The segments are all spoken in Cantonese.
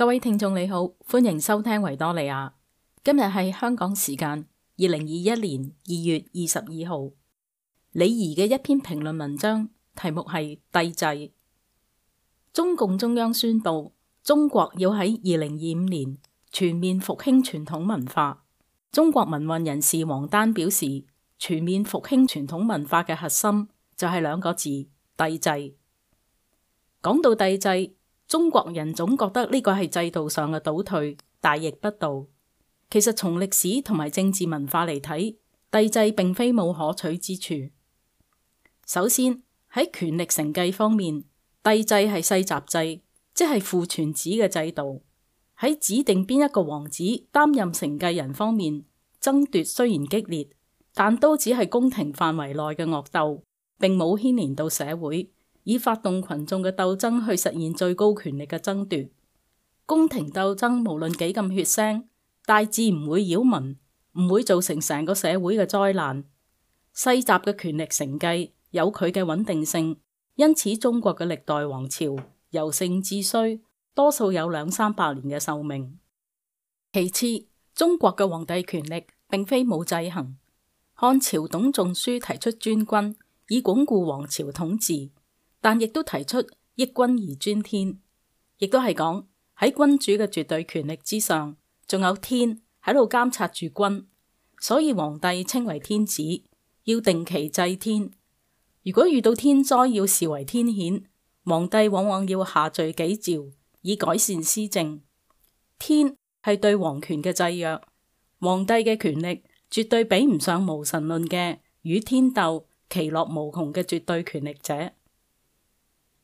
各位聽眾你好，歡迎收聽維多利亞。今日係香港時間二零二一年二月二十二號。李怡嘅一篇評論文章，題目係帝制。中共中央宣布，中國要喺二零二五年全面復興傳統文化。中國民運人士王丹表示，全面復興傳統文化嘅核心就係兩個字：帝制。講到帝制。中國人總覺得呢個係制度上嘅倒退，大逆不道。其實從歷史同埋政治文化嚟睇，帝制並非冇可取之處。首先喺權力承繼方面，帝制係世襲制，即係父傳子嘅制度。喺指定邊一個王子擔任承繼人方面，爭奪雖然激烈，但都只係宮廷範圍內嘅惡鬥，並冇牽連到社會。以發動群眾嘅鬥爭去實現最高權力嘅爭奪，宮廷鬥爭無論幾咁血腥，大致唔會擾民，唔會造成成個社會嘅災難。世襲嘅權力承繼有佢嘅穩定性，因此中國嘅歷代王朝由盛至衰，多數有兩三百年嘅壽命。其次，中國嘅皇帝權力並非冇制衡，漢朝董仲舒提出專軍，以鞏固王朝統治。但亦都提出抑君而尊天，亦都係講喺君主嘅絕對權力之上，仲有天喺度監察住君，所以皇帝稱為天子，要定期祭天。如果遇到天災，要視為天譴，皇帝往往要下罪己詔以改善施政。天係對皇權嘅制約，皇帝嘅權力絕對比唔上無神論嘅與天鬥，其樂無窮嘅絕對權力者。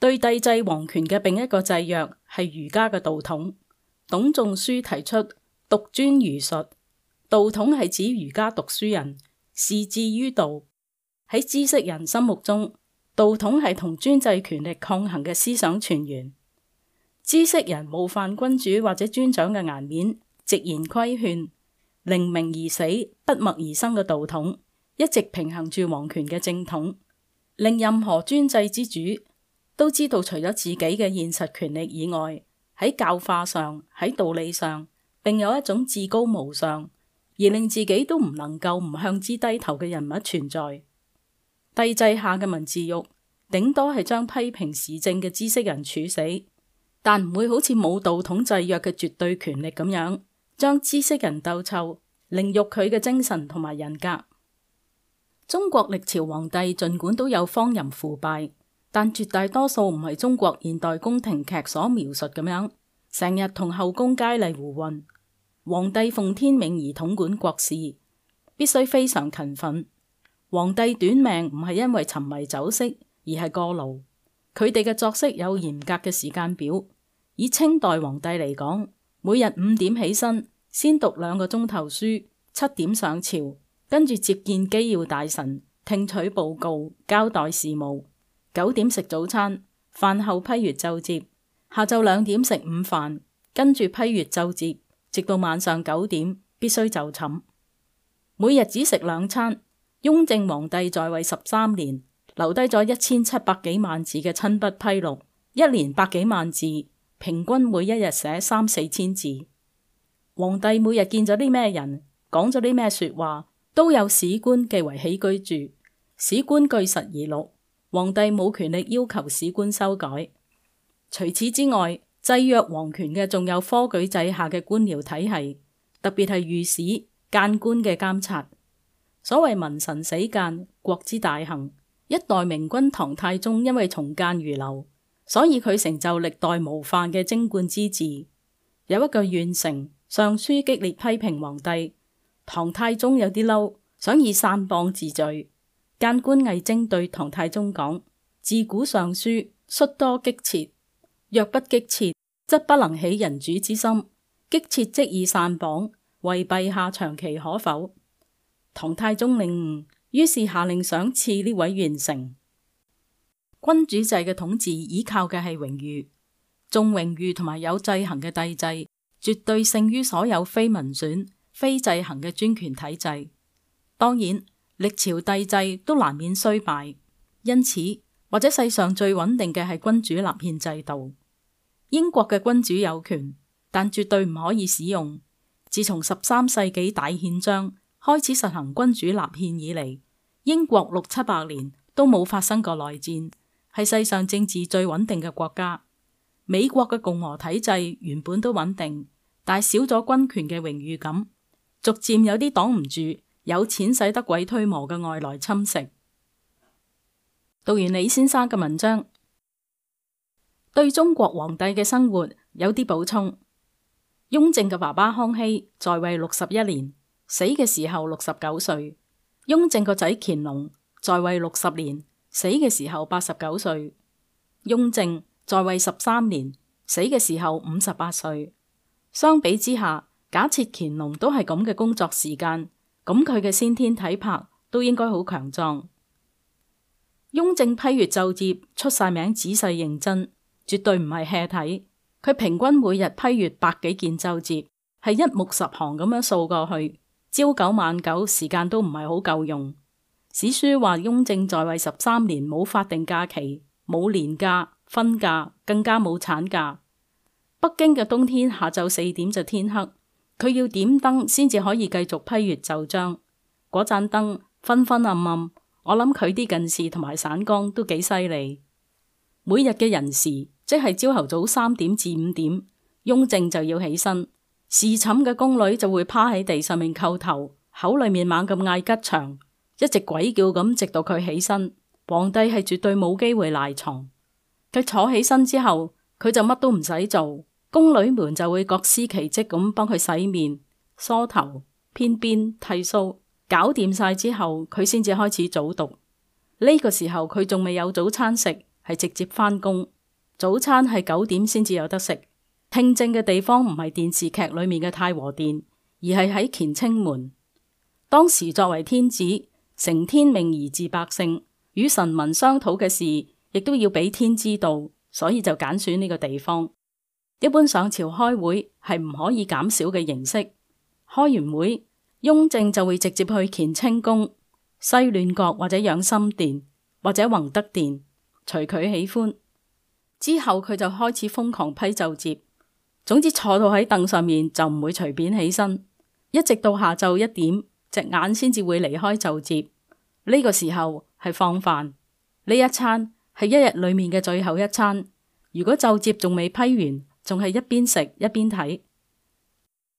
對帝制皇權嘅另一個制約係儒家嘅道統。董仲舒提出獨尊儒術，道統係指儒家讀書人士志於道。喺知識人心目中，道統係同專制權力抗衡嘅思想泉源。知識人冒犯君主或者尊長嘅顏面，直言規勸，寧鳴而死，不默而生嘅道統，一直平衡住皇權嘅正統，令任何專制之主。都知道除咗自己嘅現實權力以外，喺教化上，喺道理上，並有一種至高無上而令自己都唔能夠唔向之低頭嘅人物存在。帝制下嘅文字獄，頂多係將批評時政嘅知識人處死，但唔會好似冇道統制約嘅絕對權力咁樣，將知識人鬥臭，凌辱佢嘅精神同埋人格。中國歷朝皇帝儘管都有荒淫腐敗。但絕大多數唔係中國現代宮廷劇所描述咁樣，成日同後宮佳麗胡混。皇帝奉天命而統管國事，必須非常勤奮。皇帝短命唔係因為沉迷酒色，而係過勞。佢哋嘅作息有嚴格嘅時間表。以清代皇帝嚟講，每日五點起身，先讀兩個鐘頭書，七點上朝，跟住接見機要大臣，聽取報告，交代事務。九點食早餐，飯後批閱奏摺。下晝兩點食午飯，跟住批閱奏摺，直到晚上九點必須就寢。每日只食兩餐。雍正皇帝在位十三年，留低咗一千七百幾萬字嘅親筆批錄，一年百幾萬字，平均每一日寫三四千字。皇帝每日見咗啲咩人，講咗啲咩說話，都有史官記為起居注，史官據實而錄。皇帝冇權力要求史官修改。除此之外，制約皇權嘅仲有科舉制下嘅官僚體系，特別係御史諫官嘅監察。所謂民臣死諫，國之大幸。一代明君唐太宗因為從諫如流，所以佢成就歷代無犯嘅貞觀之治。有一個縣丞上書激烈批評皇帝，唐太宗有啲嬲，想以散謗治罪。諫官魏徵對唐太宗講：自古上書率多激切，若不激切，則不能起人主之心；激切即以散榜，為陛下長期可否？唐太宗領悟，於是下令賞賜呢位完成。君主制嘅統治依，倚靠嘅係榮譽，重榮譽同埋有制衡嘅帝制，絕對勝於所有非民選、非制衡嘅專權體制。當然。歷朝帝制都難免衰敗，因此或者世上最穩定嘅係君主立憲制度。英國嘅君主有權，但絕對唔可以使用。自從十三世紀大憲章開始實行君主立憲以嚟，英國六七百年都冇發生過內戰，係世上政治最穩定嘅國家。美國嘅共和體制原本都穩定，但係少咗君權嘅榮譽感，逐漸有啲擋唔住，有錢使得鬼推磨嘅外來侵蝕。讀完李先生嘅文章，對中國皇帝嘅生活有啲補充。雍正嘅爸爸康熙在位六十一年，死嘅時候六十九歲。雍正個仔乾隆在位六十年，死嘅時候八十九歲。雍正在位十三年，死嘅時候五十八歲。相比之下，假設乾隆都係咁嘅工作時間。咁佢嘅先天體魄都應該好強壯。雍正批閱奏摺出晒名，仔細認真，絕對唔係吃體。佢平均每日批閱百幾件奏摺，係一目十行咁樣掃過去，朝九晚九，時間都唔係好夠用。史書話雍正在位十三年，冇法定假期，冇年假、婚假，更加冇產假。北京嘅冬天下晝四點就天黑。佢要點燈先至可以繼續批閱奏章。嗰盞燈昏昏暗暗，我諗佢啲近視同埋散光都幾犀利。每日嘅寅時，即係朝頭早三點至五點，雍正就要起身。侍寢嘅宮女就會趴喺地上面叩頭，口裏面猛咁嗌吉祥，一直鬼叫咁，直到佢起身。皇帝係絕對冇機會賴床。佢坐起身之後，佢就乜都唔使做。宮女們就會各司其職咁幫佢洗面、梳頭、編辮、剃鬚，搞掂晒之後，佢先至開始早讀。呢、這個時候佢仲未有早餐食，係直接翻工。早餐係九點先至有得食。聽政嘅地方唔係電視劇裏面嘅太和殿，而係喺乾清門。當時作為天子，承天命而治百姓，與神民商討嘅事，亦都要俾天知道，所以就揀選呢個地方。一般上朝開會係唔可以減少嘅形式。開完會，雍正就會直接去乾清宮、西暖閣或者養心殿或者弘德殿，隨佢喜歡。之後佢就開始瘋狂批奏折，總之坐到喺凳上面就唔會隨便起身，一直到下晝一點，隻眼先至會離開奏折。呢、這個時候係放飯，呢一餐係一日裏面嘅最後一餐。如果奏折仲未批完。仲係一邊食一邊睇。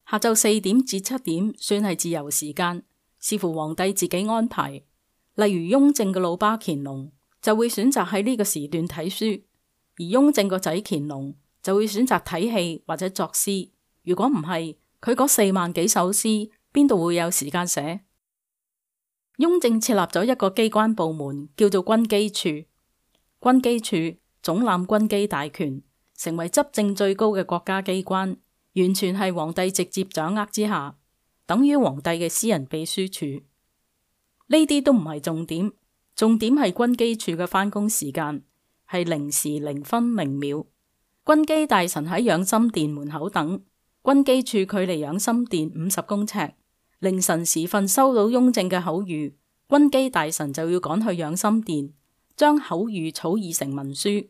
下晝四點至七點算係自由時間，視乎皇帝自己安排。例如雍正嘅老爸乾隆就會選擇喺呢個時段睇書，而雍正個仔乾隆就會選擇睇戲或者作詩。如果唔係，佢嗰四萬幾首詩邊度會有時間寫？雍正設立咗一個機關部門叫做軍機處，軍機處總攬軍機大權。成為執政最高嘅國家機關，完全係皇帝直接掌握之下，等於皇帝嘅私人秘書處。呢啲都唔係重點，重點係軍機處嘅返工時間，係零時零分零秒。軍機大臣喺養心殿門口等，軍機處距離養心殿五十公尺。凌晨時分收到雍正嘅口諭，軍機大臣就要趕去養心殿，將口諭草擬成文書。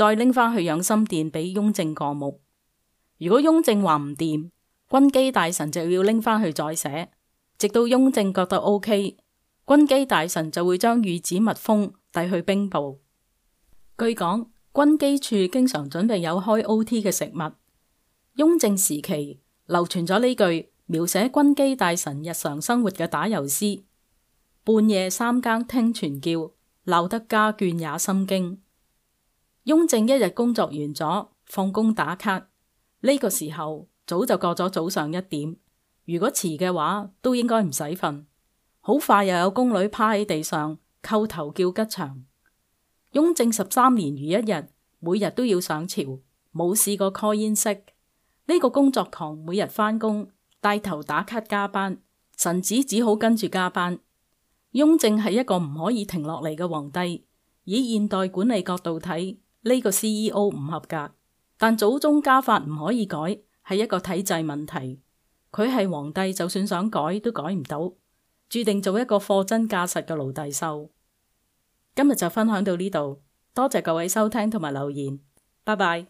再拎返去養心殿俾雍正過目，如果雍正話唔掂，軍機大臣就要拎返去再寫，直到雍正覺得 O K，軍機大臣就會將御旨密封帶去兵部。據講，軍機處經常準備有開 O T 嘅食物。雍正時期流傳咗呢句描寫軍機大臣日常生活嘅打油詩：半夜三更聽傳叫，鬧得家眷也心驚。雍正一日工作完咗，放工打卡，呢個時候早就過咗早上一點。如果遲嘅話，都應該唔使瞓。好快又有宮女趴喺地上叩頭叫吉祥。雍正十三年如一日，每日都要上朝，冇試過 call in sick。呢個工作狂，每日返工帶頭打卡加班，臣子只好跟住加班。雍正係一個唔可以停落嚟嘅皇帝，以現代管理角度睇，呢個 CEO 唔合格，但祖宗家法唔可以改，係一個體制問題。佢係皇帝，就算想改都改唔到，注定做一個貨真價實嘅奴隸獸。今日就分享到呢度，多謝各位收聽同埋留言，拜拜。